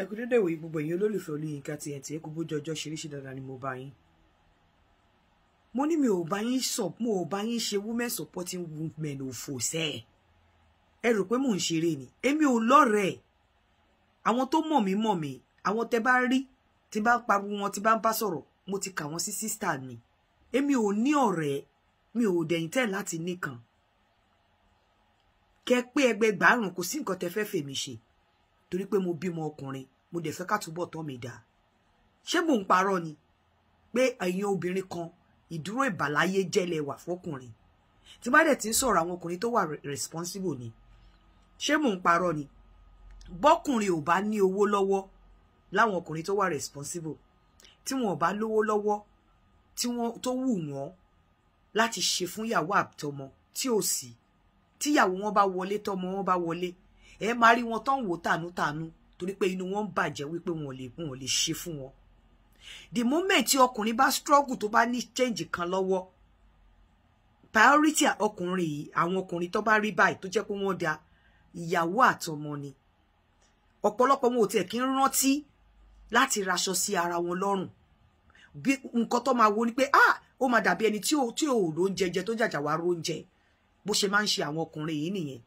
ẹ kú dédé ìwòye gbogbo ẹ̀yin olólùfẹ́ Olúyinká TNT ẹ kú bójú ọjọ́ ṣeréṣe dandan ni mo bá yín mo ní mi ò bá yín sọ mo ò bá yín ṣe women supporting women òfò sẹ ẹ rò pé mò ń ṣeré ni èmi ò lọ́rẹ̀ẹ́ àwọn tó mọ̀ mí mọ̀ mí àwọn tẹ bá rí tí bá ń pariwo wọn tí bá ń bá sọ̀rọ̀ mo ti kà wọ́n sí sísítà mi èmi ò ní ọ̀rẹ́ mi ò dẹ̀yìn tẹ̀ láti nìkan kẹ pé ẹgbẹgbàárùn kò sí nǹkan tẹ fẹ́ fèmí ṣe torí pé mo bímọ ọkùnrin mo dẹ̀ fẹ́ ká túbọ̀ tọ́ mi dá ṣé mò ń parọ́ ni pé ẹ̀yin obìnrin kan ìdúró ìbàláyé jẹ́lẹ̀ wà fọkùnrin tí bá dẹ̀ ti ń sọ̀rọ̀ àwọn ọkùnrin tó wà responsible ni ṣé mò ń parọ́ ni bọ́kùnrin ò bá ní owó lọ́wọ́ láwọn ọkùnrin tó wà responsible tí wọn ò bá lówó lọ́wọ́ tí wọn tó wù wọ́n láti ṣe fún ìyàwó àtọmọ tí ò sí tíyàwó wọn bá wọlé tọmọ wọn bá wọlé ẹ máa rí wọn tán wò tànútànú torí pé inú wọn ń bàjẹ́ wípé wọn ò lè wọn ò lè ṣe fún wọn the moment tí ọkùnrin bá struggle tó bá ní change kan lọ́wọ́ priority ọkùnrin yìí àwọn ọkùnrin tó bá rí báyìí tó jẹ́ pé wọ́n da ìyàwó àtọmọ ni ọ̀pọ̀lọpọ̀ wọn ò tiẹ̀ kí ń rántí láti raṣọ sí ara wọn lọ́rùn bí nǹkan tó máa wo ni pé ah ó máa dàbí ẹni tí ò tí ò ló ń jẹjẹ tó jàjà wá róúnjẹ bó ṣe máa ń ṣe àwọn ọkùnrin yìí nìyẹn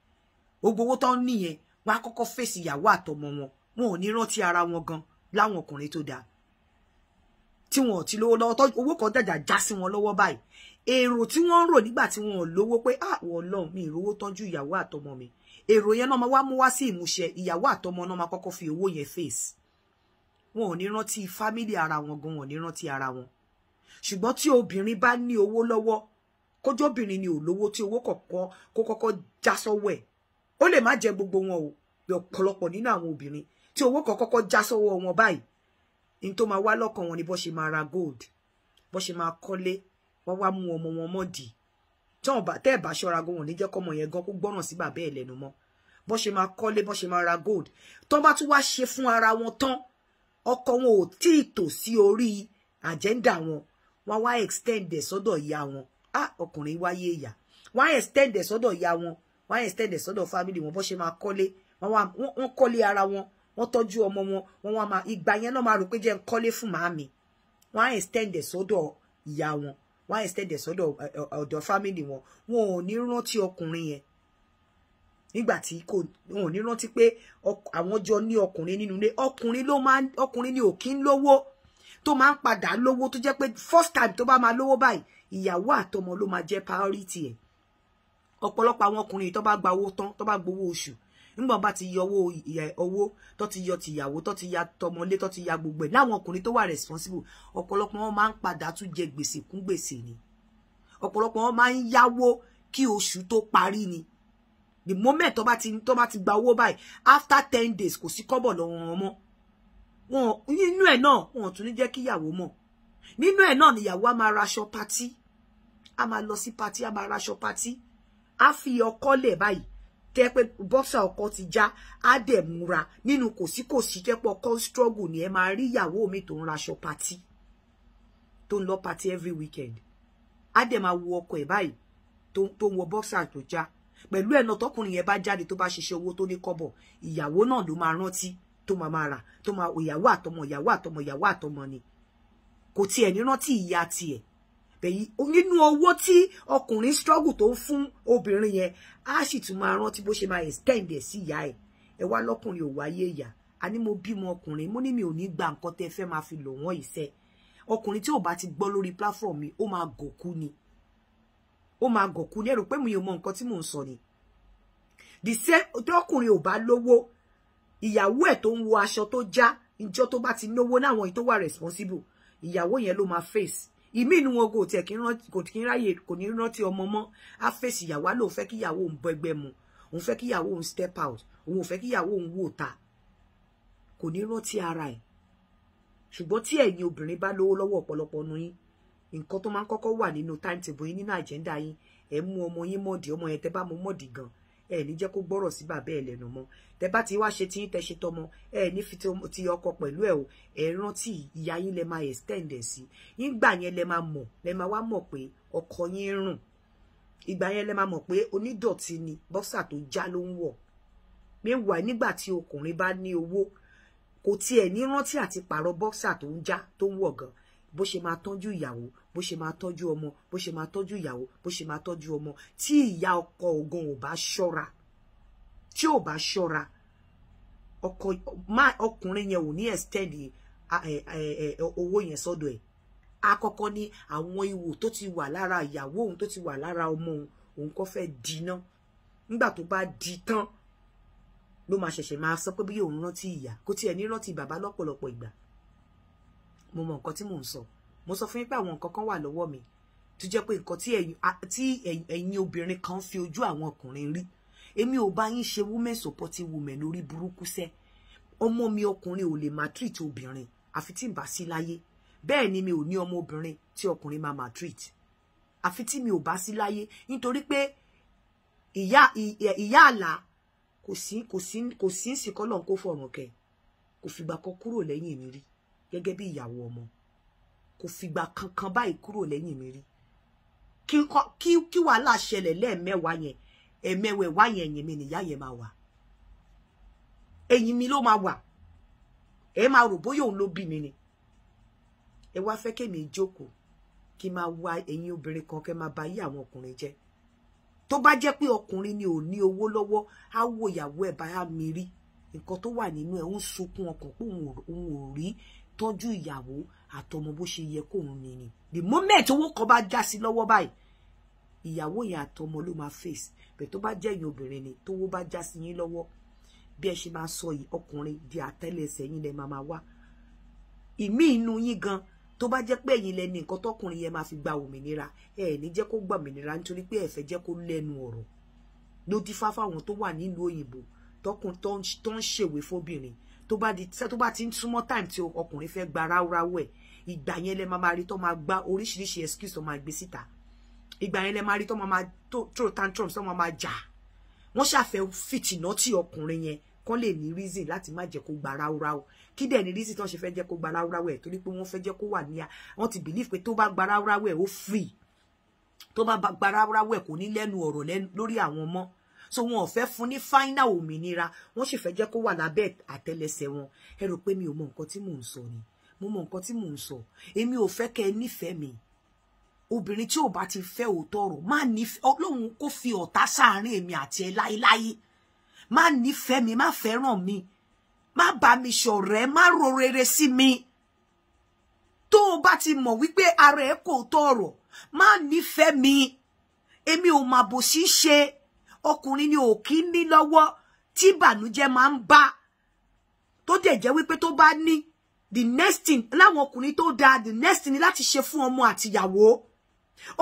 gbogbo owó tó ń nìyẹn wọ́n á kọ́kọ́ fèsì ìyàwó àtọmọ wọn wọn ò ní rántí ara wọn gan láwọn ọkùnrin tó dáa tí wọn ò ti lówó lọ́wọ́ tó owó kan dàjà já sí wọn lọ́wọ́ báyìí èrò tí wọ́n ń rò nígbà tí wọn ò lówó pé àwọn ah, Ọlọ́run mi ìrówó tọ́jú ìyàwó àtọmọ mi èrò yẹn náà máa wá mú wá sí ìmúṣẹ ìyàwó àtọmọ náà máa kọ́kọ́ fi owó yẹn fèsì wọn ò ní rántí fámílì ara wọn gan wọn ò ní rántí ara wọn ṣùgbọ́n tí obìnrin bá ní owó lọ́wọ́ kójóbìnrin ni ò lówó tí owó kọ̀ọ̀kan kó kọ́kọ́ já sọ́wọ́ ẹ̀ ó lè má jẹ gbogbo wọn o bí ọ̀pọ̀lọpọ̀ nínú àwọn obìnrin tí owó kan kọ́kọ́ já sọ́wọ́ wọn báyìí ní tó máa wá lọ́kàn wọn ni bó ṣe máa ra gold bó ṣe máa kọ́lé wọ́n wá mú ọmọ wọn mọ́dì tẹ́ ẹ̀ bá ṣọ́ra gan wọn ní jẹ́ kọ́mọ yẹn gan kó gbọ́ràn sí bàbá ẹ̀ lẹ́nu mọ́ bó ṣe máa kọ́lé bó ṣe ra gold tán bá tún wá ṣe fún ara wọn tán ọkọ wọn ò tí ì tò sí orí àjẹ́ndà wọn wọ́n extend ẹ̀ sọ́dọ̀ ìyá wọn ah ọkùnrin wáyé ìyá wọ́n á extend ẹ̀ sọ́dọ̀ ìyá wọn wọ́n á extend sọ́dọ̀ family wọn bó ṣe máa kọ́lé wọ́n kọ́lé ara wọn wọ́n tọ́jú ọmọ wọn wọ́n wá máa ìgbà yẹn náà máa rò pé jẹ́ ń kọ́lé fún màámi wọ́n á extend sọ́dọ̀ ìyá wọn wọ́n á extend sọ́dọ̀ ọ̀dọ̀ family wọn wọn ò ní rántí ọkùnrin yẹn nígbà tí kò wọn ò ní rántí pé àwọn jọ ní ọkùnrin nínú ilé ọkùnrin ló máa ọkùnrin ni ò kí ń lówó tó máa ń padà lówó tó jẹ́ pé first time tó bá máa lówó báyìí ìyàwó àtọmọ ló máa jẹ́ priority ẹ̀ ọ̀pọ̀lọpọ̀ àwọn ọkùnrin tó bá gba owó tán tó bá gbowó oṣù nígbà bá ti yọ owó owó tó ti yọ tìyàwó tó ti ya tọmọlé tó ti ya gbogbo ẹ̀ láwọn ọkùnrin tó wà responsible ọ̀pọ̀lọpọ̀ wọn máa ń padà tún jẹ gbèsè kún gbèsè ni ọ̀pọ̀lọpọ̀ wọn máa ń yáwó kí oṣù tó parí ni the moment tó bá ti tó bá ti gba owó báyìí after ten days kò sí kọ́bọ̀ lọ́wọ́ wọn mọ́ wọn nínú ẹ̀ náà wọn tún ní jẹ́ kí ìyàwó mọ̀ nínú ẹ̀ náà nìyàwó á máa raṣọ patí á máa lọ sí patí á máa raṣọ patí á fi ọkọ lẹ̀ báyìí tẹ́ pé bọ́ksà ọkọ ti já á dẹ̀ múra nínú kòsíkòsí jẹ́pọ̀ ọkọ struggle ni ẹ máa rí ìyàwó mi tó ń raṣọ patí tó ń lọ patí every weekend á dẹ̀ máa wo ọkọ ẹ̀ báyìí tó ń wọ bọ́ksà tó já pẹ̀lú ẹ̀nà tọkùnrin yẹn bá jáde tó bá ṣiṣẹ́ owó tó ní kọ́bọ̀ ìyàwó náà ló máa rántí tó máa máa rà tó máa ìyàwó àtọmọ ìyàwó àtọmọ ìyàwó àtọmọ ni kò tiẹ̀ ní rántí ìyá tiẹ̀ bẹ̀yìn nínú owó tí ọkùnrin struggle to fun fún obìnrin yẹn á sì tún máa rántí bó ṣe máa extend ẹ̀ sí ìyá ẹ̀ ẹ wá lọ́kùnrin ò wáyé ìyá a ní mo bímọ ọkùnrin mo ni mi ò ní gba nǹkan tẹ́ fẹ́ máa fi lò wọ́n ìṣe ọkùnrin tí o bá ti gbọ́ lórí platform mi ó máa gòkú ni ó máa gòkú ní ẹ̀rù pé mi ò mọ nǹkan tí mò ń sọ ni the same tọkùnrin ò bá lówó ìyàwó ẹ̀ tó ń wọ aṣọ tó já ìjọ tó bá ti náwó náwọn èyí tó wà responsible ìyàwó yẹn ló máa face ìmí inú wọn kò tiẹ̀ kí ń ráyè kò ní rántí ọmọ mọ́ á fèsì ìyàwó Face lóun fẹ́ kí ìyàwó òun bọ ẹgbẹ́ mu òun fẹ́ kí ìyàwó òun step out òun ò fẹ́ kí ìyàwó òun wò ta kò ní rántí ara ẹ̀ ṣùgbọ́n tí ẹ̀yin obìnrin bá lówó lọ́wọ́ ọ̀pọ̀lọpọ̀ nu yín nǹkan tó máa ń kọ́kọ́ wà nínú timetable yín nínú àjẹ́ndà yín ẹ̀ mú ọmọ yín mọ̀dì ọmọ yẹn tẹ́ bá mú mọ̀dì gan ẹ ní jẹ́ kó gbọ́rọ̀ sí bàbá ẹ lẹ́nu mọ́ tẹ bá ti wá ṣe tí tẹ ṣe tọmọ ẹ ní fi ti ọkọ pẹ̀lú ẹ o ẹ rántí ìyá yín lẹ máa extend ẹ sí nígbà yẹn lẹ máa mọ̀ lẹ máa wá mọ̀ pé ọkọ yín rùn ìgbà yẹn lẹ máa mọ̀ pé onídọ̀tí ni bọ́sà tó já ló ń wọ̀ meanwhile nígbà tí ọkùnrin bá ní owó kò tiẹ̀ ní rántí àti pààrọ̀ bọ́sà tó ń já tó ń wọ̀ gan bó ṣe máa tọ́jú ìyàwó bó ṣe máa tọ́jú ọmọ bó ṣe máa tọ́jú ìyàwó bó ṣe máa tọ́jú ọmọ tí ìyá ọkọ ògan ò bá ṣọ́ra tí ò bá ṣọ́ra ọkọ má ọkùnrin yẹn ò ní extend owó yẹn sọ́dọ̀ ẹ̀ àkọ́kọ́ ni àwọn ìwò tó ti wà lára ìyàwó òun tó ti wà lára ọmọ òun òun kọ́ fẹ́ dínà nígbà tó bá di tán ló máa ṣẹ̀ṣẹ̀ máa sọ pé bí òun rántí ìyá kó tiẹ̀ ní rántí bàbá lọ́pọ̀lọpọ̀ ìgbà mo mọ nǹkan tí mò ń sọ mo sọ fún yín pé àwọn nǹkan kan wà lọ́wọ́ mi tó jẹ́ pé nǹkan tí ẹ̀yin obìnrin kan fi ojú àwọn ọkùnrin rí èmi ò bá yín ṣe women supporting women lórí burúkú sẹ́ ọmọ mi ọkùnrin ò lè maltreat obìnrin àfi tí n bá sí láyé bẹ́ẹ̀ ni mi ò ní ọmọ obìnrin tí ọkùnrin máa maltreat àfi tí mi ò bá sí láyé nítorí pé ìyá ìyá àlà kò sí kò sí kò sí ìsìnkọ́lọ̀ kó fọ̀rùn kẹ kò fìgbà kan kúrò lẹ́yìn mi rí gẹ́gẹ́ bí ìyàwó ọmọ kò fìgbà kankan báyìí kúrò lẹ́yìn mi rí kí kí kí wàhálà ṣẹlẹ̀ lẹ́ẹ̀mẹ́wàá yẹn ẹ̀mẹ́wẹ̀wá yẹn ẹ̀yìn mi nìyá yẹn máa wà ẹ̀yìn mi ló máa wà ẹ máa rò bóyá òun ló bí mi ni ẹ wá fẹ́ kémi jókòó kí máa wá ẹ̀yin obìnrin kan kẹ́ máa ba yí àwọn ọkùnrin jẹ́ tó bá jẹ́ pé ọkùnrin ni ò ní owó lọ́wọ́ á wo ìyàwó ẹ̀ bá mi rí nǹkan tó wà nínú ẹ̀ ń sunkún ọkàn pé òun ò rí tọ́jú ìyàwó àtọmọ bó ṣe yẹ kó òun nìyí the moment owó kan bá já sí lọ́wọ́ báyìí ìyàwó yẹn àtọmọ ló máa face bẹ́ẹ̀ tó bá jẹ́ ẹ̀yin obìnrin ni tówó bá já sí yín lọ́wọ́ bí ẹ ṣe máa sọ yìí ọkùnrin di àtẹ́lẹsẹ̀ yín lẹ máa máa wá ìmí inú yín gan tó bá jẹ́ pé ẹ̀yin lẹ ní nǹkan tọkùnrin yẹn máa fi gba òmìnira ẹ ní jẹ́ kó gba òmìnira nítorí pé ẹ fẹ́ jẹ́ kó lẹ́nu ọ̀rọ̀ ló dífá fáwọn tó wà nílùú òyìnbó tọkùn tó ń ṣèwé fóbìnrin tó bá di tó bá ti ń súnmọ́ time tí ọkùnrin fẹ́ gba ráúráú ẹ̀ ìgbà yẹn lẹ máa rí tó máa gba oríṣiríṣi excuse tó máa gbé síta ìgbà yẹn lẹ máa rí tó máa throw tantrums tó máa jà wọ́n ṣàfẹ́ fìtìnà tí ọkùnrin yẹn kán lè ní reason láti má jẹ́ kó gba ráúráú kí dẹ̀ ní reason tó ń ṣe fẹ́ jẹ́ kó gba ráúráú ẹ̀ torí pé wọ́n fẹ́ jẹ́ kó wà ní wọ́n ti believe pé tó bá gba ráúráú ẹ̀ ó free tó bá gba ráúráú ẹ̀ kò ní lẹ́nu ọ̀rọ̀ lórí àwọn ọmọ so wọn ò fẹ́ fún ní final òmìnira se sì fẹ́ jẹ́ kó wà lábẹ́ àtẹ́lẹsẹ̀ wọn ẹ rò pé mi ò mọ nǹkan tí mò ń sọ ni mo mọ nǹkan tí mò ń sọ èmi ò fẹ́ kẹ́ ẹ nífẹ̀ẹ́ mi obìnrin tí ò bá ti fẹ́ òótọ́ ọ̀rọ̀ má nífẹ̀ẹ́ ọlọ́run kó fi ọ̀tá sáàárín èmi àti ẹ láéláé má nífẹ̀ẹ́ mi má fẹ́ràn mi má bá mi ṣọ̀rẹ́ Ma ro rere sí mi tó o bá ti mọ̀ wípé ara ẹ kò tọ̀rọ̀ má nífẹ̀ẹ́ mi èmi ò mà bò sí ṣe ọkùnrin ni ò kí ní lọ́wọ́ tí ìbànújẹ́ máa ń bá tó dẹ̀ jẹ́ wípé tó bá ní the next thing láwọn ọkùnrin tó dáa the next thing ni láti ṣe fún ọmọ àtìyàwó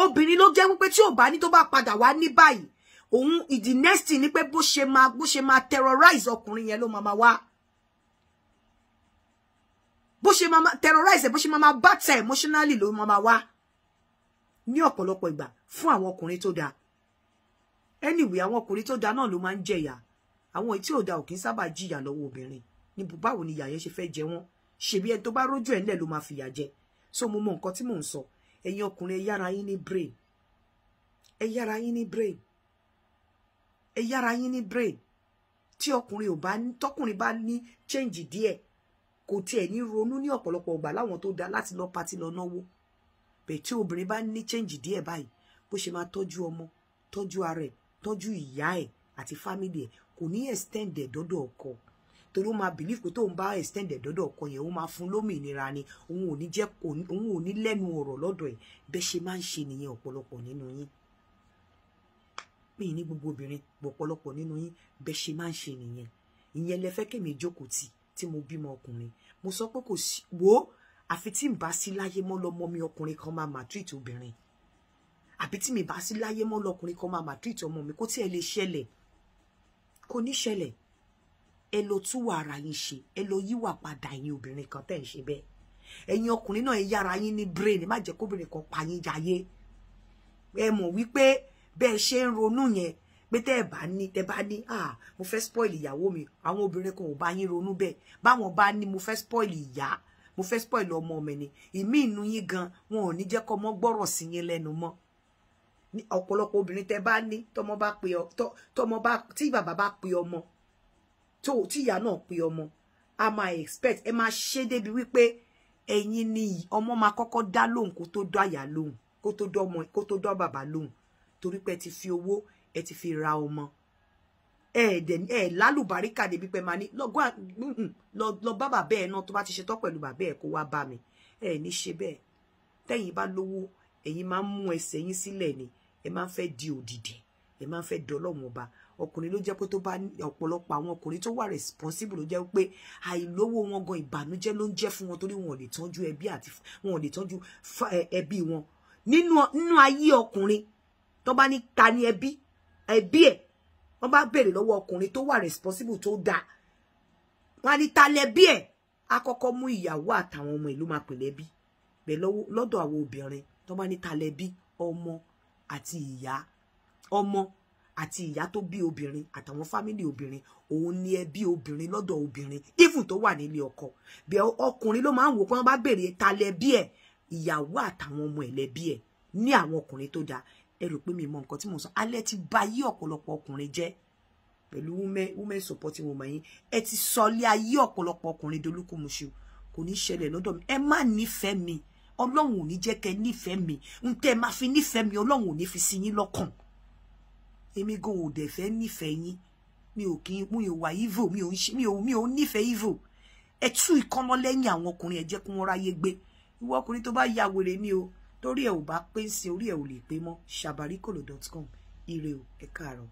obìnrin ló jẹ́ wípé tí ò bá ní tó bá padà wá ní báyìí òun the next thing ni pé bó ṣe máa bó ṣe máa terrorize ọkùnrin yẹn ló máa máa wá bó ṣe máa terrorize bó ṣe máa bá tẹ emotionally ló máa máa wá ní ọ̀pọ̀lọpọ̀ ìgbà fún àwọn ọkùnrin tó dáa anyway àwọn ọkùnrin tó da náà ló máa ń jẹyà àwọn tí ò da ò kì í sábà jìyà lọ́wọ́ obìnrin ní báwo ni ìyà yẹn ṣe fẹ́ jẹ wọ́n ṣèbí ẹni tó bá rójú ẹ̀ ńlẹ̀ ló máa fìyà jẹ so mo mọ nǹkan tí mò ń sọ ẹ̀yin ọkùnrin ẹ yára yín ní brain ẹ yára yín ní brain ẹ yára yín ní brain tí ọkùnrin ò bá tọkùnrin bá ní change díẹ̀ kò tiẹ̀ ní ronú ní ọ̀pọ̀lọpọ̀ ọgbà láwọn tó da láti lọ pati lọ náwó bẹ́ẹ̀ tí obìnrin bá ní change díẹ̀ báyìí bó ṣe máa tọ́jú ọmọ tọ́jú ara ẹ̀ tọ́jú ìyá ẹ̀ àti fámìlì ẹ̀ kò ní extend ẹ̀ dọ́dọ̀ ọkọ torí ó máa believe pé tóun bá extend ẹ̀ dọ́dọ̀ ọkọ yẹn ó máa fún lómìnira ni òun ò ní jẹ́ òun ò ní lẹ́nu ọ̀rọ̀ lọ́dọ̀ ẹ̀ bẹ́ẹ̀ ṣe máa ń ṣe nìyẹn ọ̀pọ̀lọpọ̀ nínú yín mi ní gbogbo obìnrin ọ̀pọ̀lọpọ̀ nínú yín bẹ́ẹ̀ ṣe máa ń ṣe nìyẹn ìyẹn lẹ fẹ́ kémi jókòó tì tí mo bímọ ọkùnrin mo sọ pé kò sí wo àfi tí n bá sí láyé mọ́ lọ́mọ mi ọkùnrin kan máa mà obìnrin àbí tí mi bá sí láyé mọ́ lọkùnrin kan máa madrid ọmọ mi kó tí ẹ lè ṣẹlẹ̀ kò ní ṣẹlẹ̀ ẹ lọ túwọ̀ ara yín ṣe ẹ lọ yíwà padà ẹ̀yin obìnrin kan tẹ́ ń ṣe bẹ́ẹ̀ ẹ̀yin ọkùnrin náà ẹ yára yín ní brain má jẹ́ kóbìnrin kan pa yín jayé ẹ mọ̀ wípé bẹ́ẹ̀ ṣe ń ronú yẹn pé tẹ́ ẹ bá ní tẹ́ bá ní ah mo fẹ́ spoil ìyàwó mi àwọn obìnrin kan ò bá yín ronú bẹ́ẹ̀ báwọn bá ní mo fẹ́ spoil ìyá mo fẹ́ spoil ọmọ mi ni ìmí inú yín gan wọn ò ní jẹ́ kọ́ mọ́ gbọ́rọ̀ sí yín lẹ́nu mọ́ ni ọ̀pọ̀lọpọ̀ obìnrin tẹ́ bá ní tọmọ bá pe tọmọ bá tí bàbá bá pe ọmọ tó tí ìyá náà pe ọmọ a máa expect ẹ máa ṣe débi wípé ẹ̀yin ni ọmọ máa kọ́kọ́ dá lóhùn kó tó dá ìyá lóhùn kó tó dá ọmọ kó tó dá bàbá lóhùn torí pé ẹ ti fi owó ẹ ti fi ra ọmọ ẹ dẹ ẹ lálùbáríkà débi pé máa ní lọ bá bàbá ẹ náà tó bá ti ṣetán pẹ̀lú bàbá ẹ kó wá bá mi ẹ ní ṣe bẹ́ẹ̀ tẹ́yin bá lówó ẹ̀yin máa ń mú ẹsẹ̀ yín sílẹ̀ ni ẹ máa ń fẹ́ di òdìdí ẹ máa ń fẹ́ di ọlọ́run ọba ọkùnrin ló jẹ́ pé tó bá ọ̀pọ̀lọpọ̀ àwọn ọkùnrin tó wà responsible ló jẹ́ pé àìlówó wọn gan ìbànújẹ́ ló ń jẹ́ fún wọn torí wọn ò lè tọ́jú ẹbí àti wọn ò lè tọ́jú ẹbí wọn nínú nínú ayé ọkùnrin tó bá ní ta ni ẹbí ẹbí ẹ wọn bá béèrè lọ́wọ́ ọkùnrin tó wà responsible tó da, wọn á ní ta lẹbí ẹ á kọ́kọ́ mú ìyàwó àtàwọn ọmọ ìlú máa pè lẹ́bí bẹ́ẹ̀ lọ́dọ̀ àwọn obìnrin tó bá ní ta lẹbí ọmọ àti ìyá ọmọ àti ìyá tó bí obìnrin àtàwọn fámìlì obìnrin òun ni ẹbí obìnrin lọ́dọ̀ obìnrin even tó wà nílé ọkọ bí ọkùnrin ló máa ń wò pé wọ́n bá béèrè ta lẹ́bí ẹ̀ ìyàwó àtàwọn ọmọ ẹ̀ lẹ́bí ẹ̀ ní àwọn ọkùnrin tó dáa ẹ pé mi mọ nǹkan tí mo sọ alẹ́ ti ba yí ọ̀pọ̀lọpọ̀ ọkùnrin jẹ́ pẹ̀lú women supporting woman yín ẹ ti sọ lé ayé ọ̀pọ̀lọpọ̀ ọkùnrin dolúkúmuṣu kò ní ṣẹlẹ̀ lọ́dọ̀ mi ẹ má nífẹ̀ẹ́ mi ọlọ́run ò ní jẹ́ kẹ́ nífẹ̀ẹ́ mi ń tẹ́ máa fi nífẹ̀ẹ́ mi ọlọ́run ò ní fi sí yín lọ́kàn èmi gan ò dẹ̀ fẹ́ nífẹ̀ẹ́ yín mi ò kí mi ò wà evil mi ò mi ò mi ò nífẹ̀ẹ́ evil ẹ tú ìkọ́nà lẹ́yìn àwọn ọkùnrin ẹ jẹ́ kí wọ́n ráyé gbé ìwọ ọkùnrin tó bá ya wèrè ni o torí ẹ ò bá pé ń sin orí ẹ ò lè pé mọ́ ṣàbáríkòlò dot com ire o ẹ káàárọ̀.